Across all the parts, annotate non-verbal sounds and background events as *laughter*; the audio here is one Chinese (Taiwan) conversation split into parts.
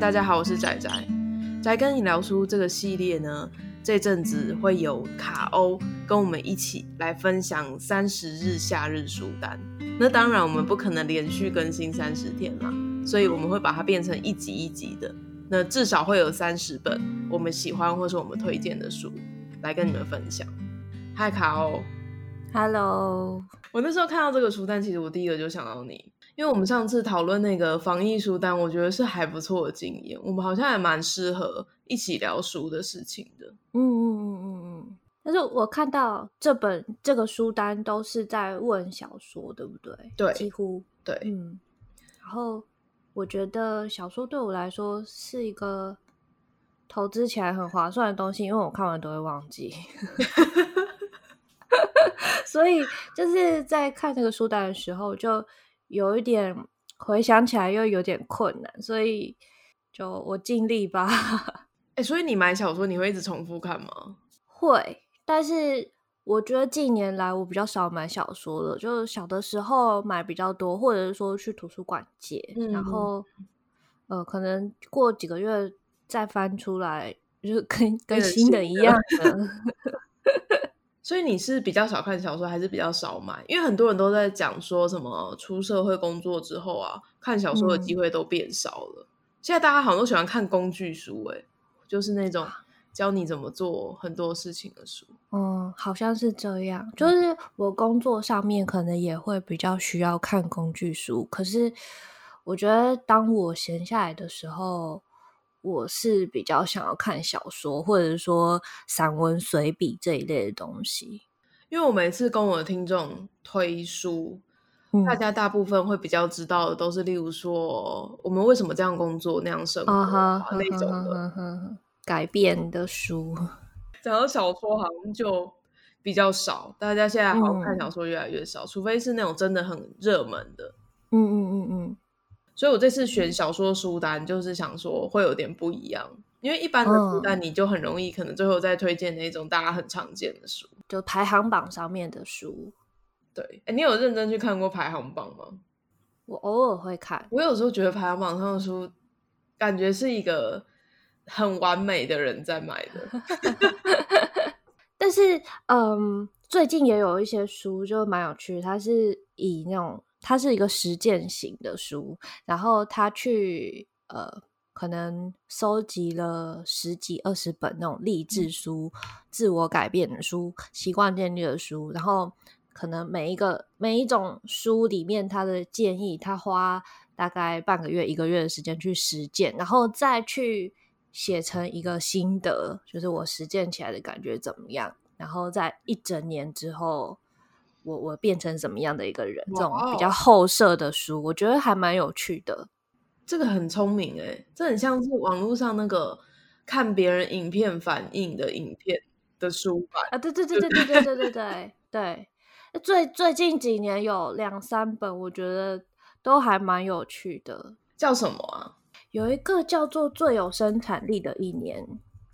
大家好，我是宅宅。宅跟你聊書這個系列呢，這陣子會有卡歐跟我們一起來分享三十日夏日書單。那當然，我們不可能連續更新三十天啦，所以我們會把它變成一集一集的。那至少會有三十本我們喜歡或是我們推薦的書來跟你們分享。嗨，卡歐。哈嘍。Hello. 我那時候看到這個書單，其實我第一個就想到你。因為我們上次討論那個防疫書單，我覺得是還不錯的經驗。我們好像還蠻適合一起聊書的事情的。嗯嗯嗯嗯嗯。但是我看到這本這個書單都是在問小說，對不對？對，幾乎對。嗯。然後我覺得小說對我來說是一個投資起來很划算的東西，因為我看完都會忘記。 *laughs* *laughs* 所以就是在看這個書單的時候就。有一點回想起來又有點困難，所以就我盡力吧。哎、欸，所以你買小說你會一直重複看嗎？ *laughs* 會，但是我覺得近年來我比較少買小說了，就是小的時候買比較多，或者是說去圖書館借，嗯、然後呃，可能過幾個月再翻出來，就是跟跟新的一樣的。有 *laughs* 所以你是比較少看小說，還是比較少買？因為很多人都在講說什麼出社會工作之後啊，看小說的機會都變少了。嗯，現在大家好像都喜歡看工具書，欸，誒就是那種教你怎麼做很多事情的書。嗯，好像是這樣。就是我工作上面可能也會比較需要看工具書，可是我覺得當我閒下來的時候。我是比較想要看小說，或者說散文、隨筆這一類的東西，因為我每次跟我的聽眾推書，嗯、大家大部分會比較知道的都是，例如說我們為什麼這樣工作、那樣生活、啊、哈那種的、啊啊、改變的書。講、嗯、到小說，好像就比較少，大家現在好像看小說越來越少，嗯、除非是那種真的很熱門的。嗯嗯嗯嗯。所以，我這次選小說書單就是想說會有點不一樣，因為一般的書單你就很容易可能最後再推薦那種大家很常見的書，就排行榜上面的書。對誒，你有認真去看過排行榜嗎？我偶爾會看。我有時候覺得排行榜上的書，感覺是一個很完美的人在買的。 *laughs* *laughs* 但是，嗯，最近也有一些書就蠻有趣，它是以那種。它是一個實踐型的書，然後他去呃，可能收集了十幾二十本那種勵志書、嗯、自我改變的書、習慣建立的書，然後可能每一個每一種書裡面他的建議，他花大概半個月、一個月的時間去實踐，然後再去寫成一個心得，就是我實踐起來的感覺怎麼樣，然後在一整年之後。我我變成什麼樣的一個人？這種比較後設的書，Wow. 我覺得還蠻有趣的。這個很聰明哎，欸，這很像是網絡上那個看別人影片反應的影片的書吧？啊！對對對對對對對對對 *laughs* 對。最最近幾年有兩三本，我覺得都還蠻有趣的。叫什麼啊？有一個叫做《最有生產力的一年》，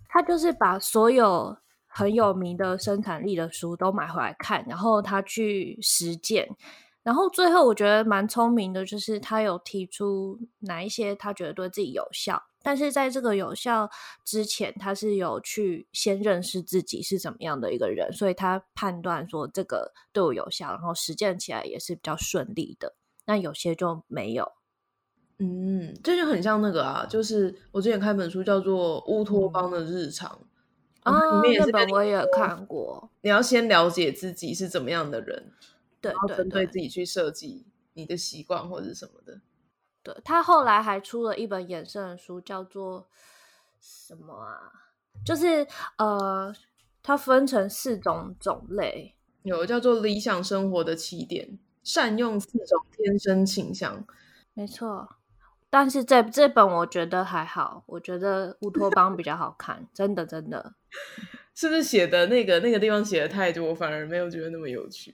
它就是把所有，很有名的生產力的書都買回來看，然後他去實踐，然後最後我覺得蠻聰明的，就是他有提出哪一些他覺得對自己有效，但是在這個有效之前，他是有去先認識自己是怎麼樣的一個人，所以他判斷說這個對我有效，然後實踐起來也是比較順利的。那有些就沒有，嗯，這就很像那個啊，就是我之前看本書叫做《烏托邦的日常》嗯。啊，這、哦、本我也有看過。你要先了解自己是怎麼樣的人，對，對，對，然後針對自己去設計你的習慣或者什麼的。對，他後來還出了一本衍生的書，叫做什麼啊？就是呃，它分成四種種類，有叫做理想生活的起點，善用四種天生傾向。沒錯。但是這這本我覺得還好，我覺得烏托邦比較好看， *laughs* 真的真的。是不是寫的那個那個地方寫的太多，我反而沒有覺得那麼有趣？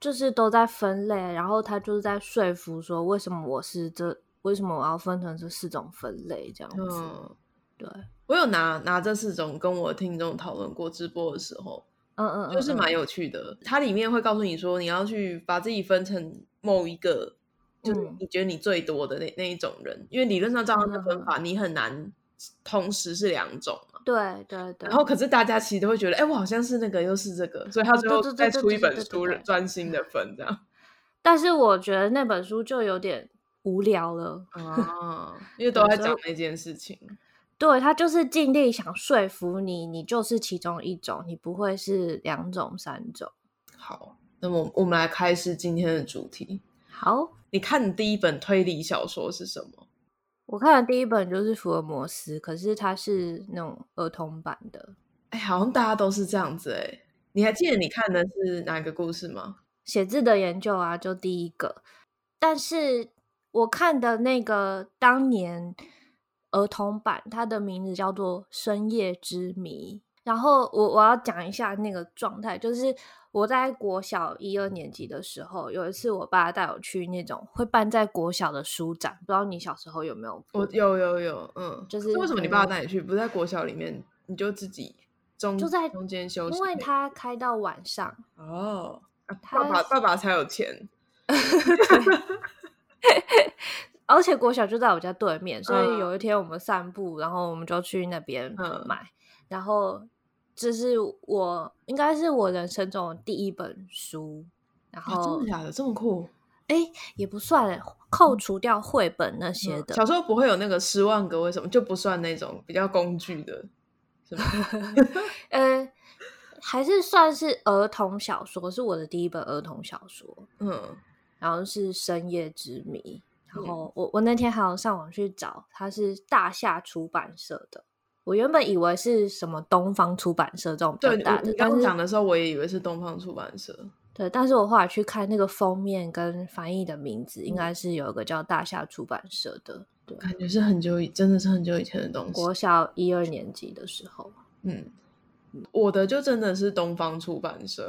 就是都在分類，然後他就是在說服說為什麼我是這，為什麼我要分成這四種分類這樣子？嗯，對。我有拿拿這四種跟我聽眾討論過直播的時候，嗯嗯，嗯嗯，就是蠻有趣的。它裡面會告訴你說你要去把自己分成某一個。就是你覺得你最多的那、嗯、那一種人，因為理論上照樣的分法，嗯、你很難同時是兩種嘛。對對對。然後可是大家其實都會覺得，哎、欸，我好像是那個又是這個，所以他最後再出一本書，專、哦、心的分這樣。但是我覺得那本書就有點無聊了，嗯， *laughs* 因為都在講那件事情。對，對他就是盡力想說服你，你就是其中一種，你不會是兩種三種。好，那麼我們來開始今天的主題。好，你看你第一本推理小說是什麼？我看的第一本就是福爾摩斯，可是它是那種兒童版的。哎、欸，好像大家都是這樣子哎、欸。你還記得你看的是哪個故事嗎？血、嗯、字的研究啊，就第一個。但是我看的那個當年兒童版，它的名字叫做《深夜之謎》。然後我我要講一下那個狀態，就是我在國小一二年級的時候，有一次我爸帶我去那種會辦在國小的書展，不知道你小時候有沒有？我有有有，嗯，就是、是為什麼你爸帶你去，不在國小裡面，你就自己中就在中間休息，因為他開到晚上哦，啊、他是爸爸爸爸才有錢， *laughs* 對 *laughs* 而且國小就在我家對面，所以有一天我們散步，嗯、然後我們就去那邊買，嗯、然後。這是我應該是我人生中第一本書，然後、啊、真的假的這麼酷？哎，也不算，扣除掉繪本那些的。嗯、小時候不會有那個十萬個為什麼，就不算那種比較工具的。是吧 *laughs* 呃，還是算是兒童小說，是我的第一本兒童小說。嗯，然後是《深夜之謎》，然後我 Okay. 我那天還有上網去找，它是大夏出版社的。我原本以為是什麼東方出版社這種表的。對，剛講的時候，我也以為是東方出版社。對，但是我後來去看那個封面跟翻譯的名字，嗯、應該是有一個叫大夏出版社的。對，感覺是很久以，真的是很久以前的東西。國小一二年級的時候。嗯，我的就真的是東方出版社。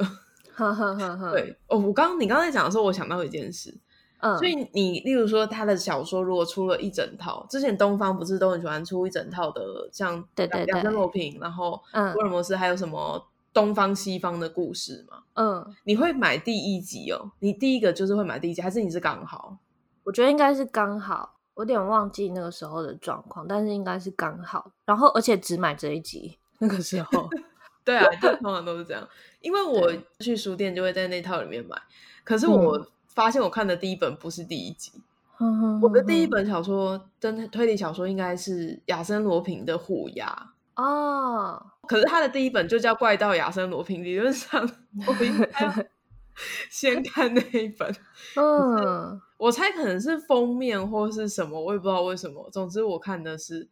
哈哈哈！對哦，我剛你剛才講的時候，我想到一件事。嗯，所以你例如說他的小說如果出了一整套，之前東方不是都很喜歡出一整套的，像亞森羅蘋，對對對，然後嗯，福爾摩斯還有什麼東方西方的故事嘛？嗯，你會買第一集哦，你第一個就是會買第一集，還是你是剛好？我覺得應該是剛好，我有點忘記那個時候的狀況，但是應該是剛好。然後而且只買這一集那個時候， *laughs* 對啊，通常都是這樣， *laughs* 因為我去書店就會在那套裡面買，可是我。嗯發現我看的第一本不是第一集，呵呵呵，我的第一本小說，真推理小說應該是亞森羅平的《虎牙》，哦，可是他的第一本就叫《怪盜亞森羅平》，理論上我應該先看那一本。嗯，我猜可能是封面或是什麼，我也不知道為什麼。總之我看的是《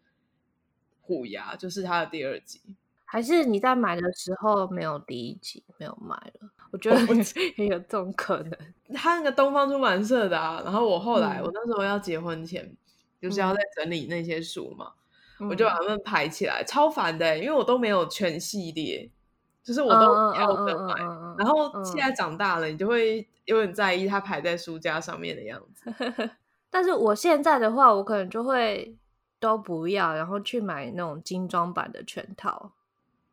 虎牙》，就是他的第二集。還是你在買的時候沒有第一集，沒有買了？我覺得我也有這種可能。他那個東方出版社的啊，然後我後來、嗯、我那時候要結婚前，嗯、就是要在整理那些書嘛，嗯、我就把它們排起來，超煩的，因為我都沒有全系列，就是我都挑着買。嗯嗯嗯嗯嗯、然後現在長大了，你就會有點在意它排在書架上面的樣子。 *laughs* 但是我現在的話，我可能就會都不要，然後去買那種精裝版的全套。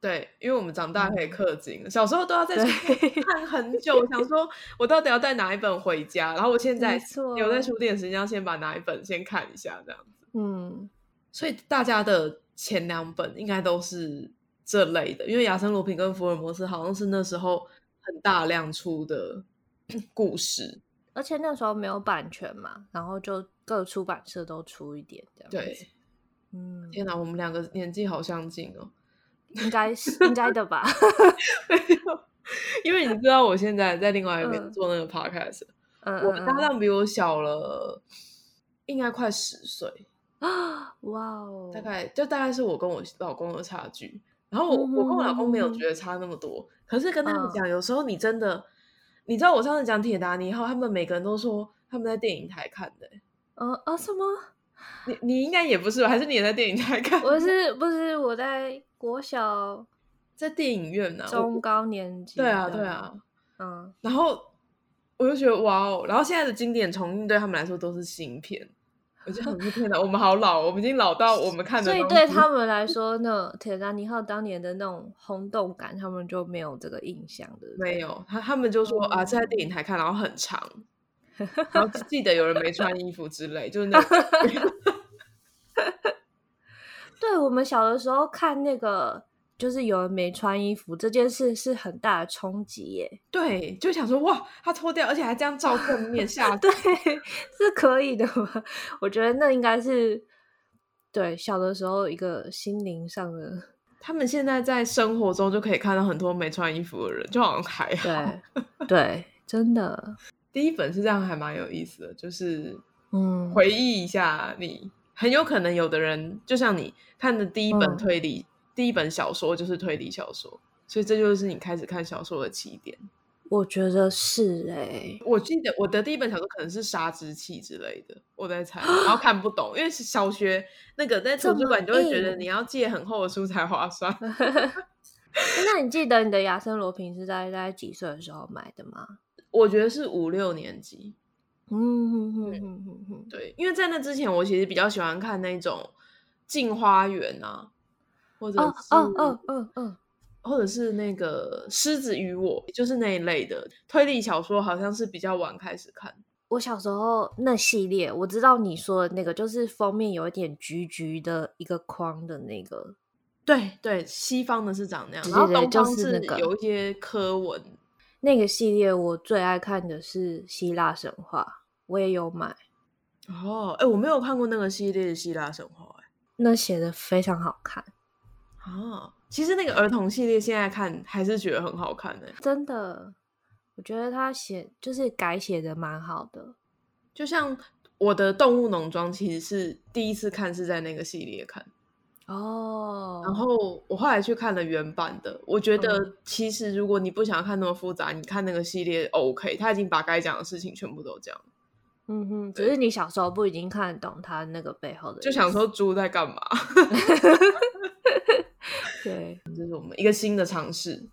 對，因為我們長大可以課金，嗯、小時候都要在書店看很久。對想說，我到底要帶哪一本回家？然後我現在有在書店，是要先把哪一本先看一下，這樣子。嗯，所以大家的前兩本應該都是這類的，因為《亞森羅平》跟《福爾摩斯》好像是那時候很大量出的故事，而且那時候沒有版權嘛，然後就各出版社都出一點這樣子。對，嗯，天哪、啊，我們兩個年紀好相近哦。 *laughs* 應該是應該的吧 *laughs* 沒有，因為你知道我現在在另外一邊做那個 podcast，、嗯嗯、我搭檔比我小了，嗯、應該快十歲啊，哇哦，大概就大概是我跟我老公的差距。然後我，嗯、哼我跟我老公沒有覺得差那麼多，嗯嗯、可是跟他們講，嗯、有時候你真的，你知道我上次講鐵達尼號，他們每個人都說他們在電影台看的。嗯啊，啊什麼？你你應該也不是吧？還是你也在電影台看？我是，不是我在？國小在電影院呢、啊，中高年級對啊對啊，對啊嗯，然後我就覺得哇哦，然後現在的經典重映對他們來說都是新片，我覺得很不平等。 *laughs* 我們好老，我們已經老到我們看的，所以對他們來說呢，那個《鐵達尼號》當年的那種轟動感，他們就沒有這個印象的。對對沒有，他他們就說、嗯、啊，在電影台看，然後很長，然後記得有人沒穿衣服之類， *laughs* 就是那種。 *laughs* *laughs* 對，我們小的時候看那個，就是有人沒穿衣服這件事是很大的衝擊耶。對，就想說哇，他脫掉，而且還這樣照正面下。 *laughs* 對，是可以的嘛？我覺得那應該是對小的時候一個心靈上的。他們現在在生活中就可以看到很多沒穿衣服的人，就好像還好， *laughs* 對，對，真的。第一本是這樣，還蠻有意思的，就是嗯，回憶一下你。嗯很有可能有的人就像你看的第一本推理、嗯、第一本小說就是推理小說，所以這就是你開始看小說的起點。我覺得是哎、欸，我記得我的第一本小說可能是《砂之器》之類的，我在猜，然後看不懂，咦因為是小學那個，在圖書館你就會覺得你要借很厚的書才划算。麼 *laughs* 那你記得你的《亞森羅平》是在在幾歲的時候買的嗎？我覺得是五六年級。嗯嗯嗯嗯哼，哼對，因為在那之前，我其實比較喜歡看那種《鏡花緣》啊，或者是嗯嗯嗯嗯，哦哦哦哦、或者是那個《獅子與我》，就是那一類的推理小說，好像是比較晚開始看。我小時候那系列，我知道你說的那個，就是封面有一點橘橘的一個框的那個，對對，西方的是長那樣，對對對，然後東方是、那個、有一些科文。那個系列我最愛看的是希臘神話，我也有買哦。哎、欸，我沒有看過那個系列的《希臘神話》欸。那寫的非常好看哦，其實那個兒童系列現在看還是覺得很好看哎、欸。真的，我覺得他寫就是改寫的蠻好的，就像我的《動物農莊》，其實是第一次看是在那個系列看。哦，oh, 然後我後來去看了原版的，我覺得其實如果你不想看那麼複雜，嗯、你看那個系列 OK，他已經把該講的事情全部都講。嗯哼，對只是你小時候不一定看得懂他那個背後的。就想說豬在幹嘛？ *laughs* *laughs* 對，這是我們一個新的嘗試。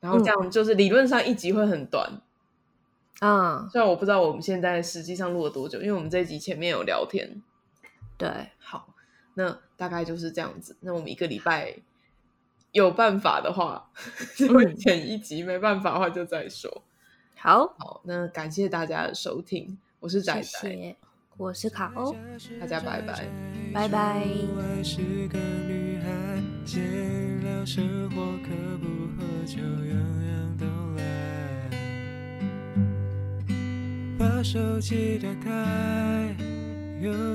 然後這樣就是理論上一集會很短。啊、嗯，雖然我不知道我們現在實際上錄了多久，因為我們這一集前面有聊天。對，好。那大概就是這樣子。那我們一個禮拜有辦法的話，就會剪一集，沒辦法的話，就再說。好，好，那感謝大家的收聽，我是仔仔，我是卡歐，大家拜拜，拜拜。是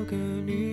個女孩。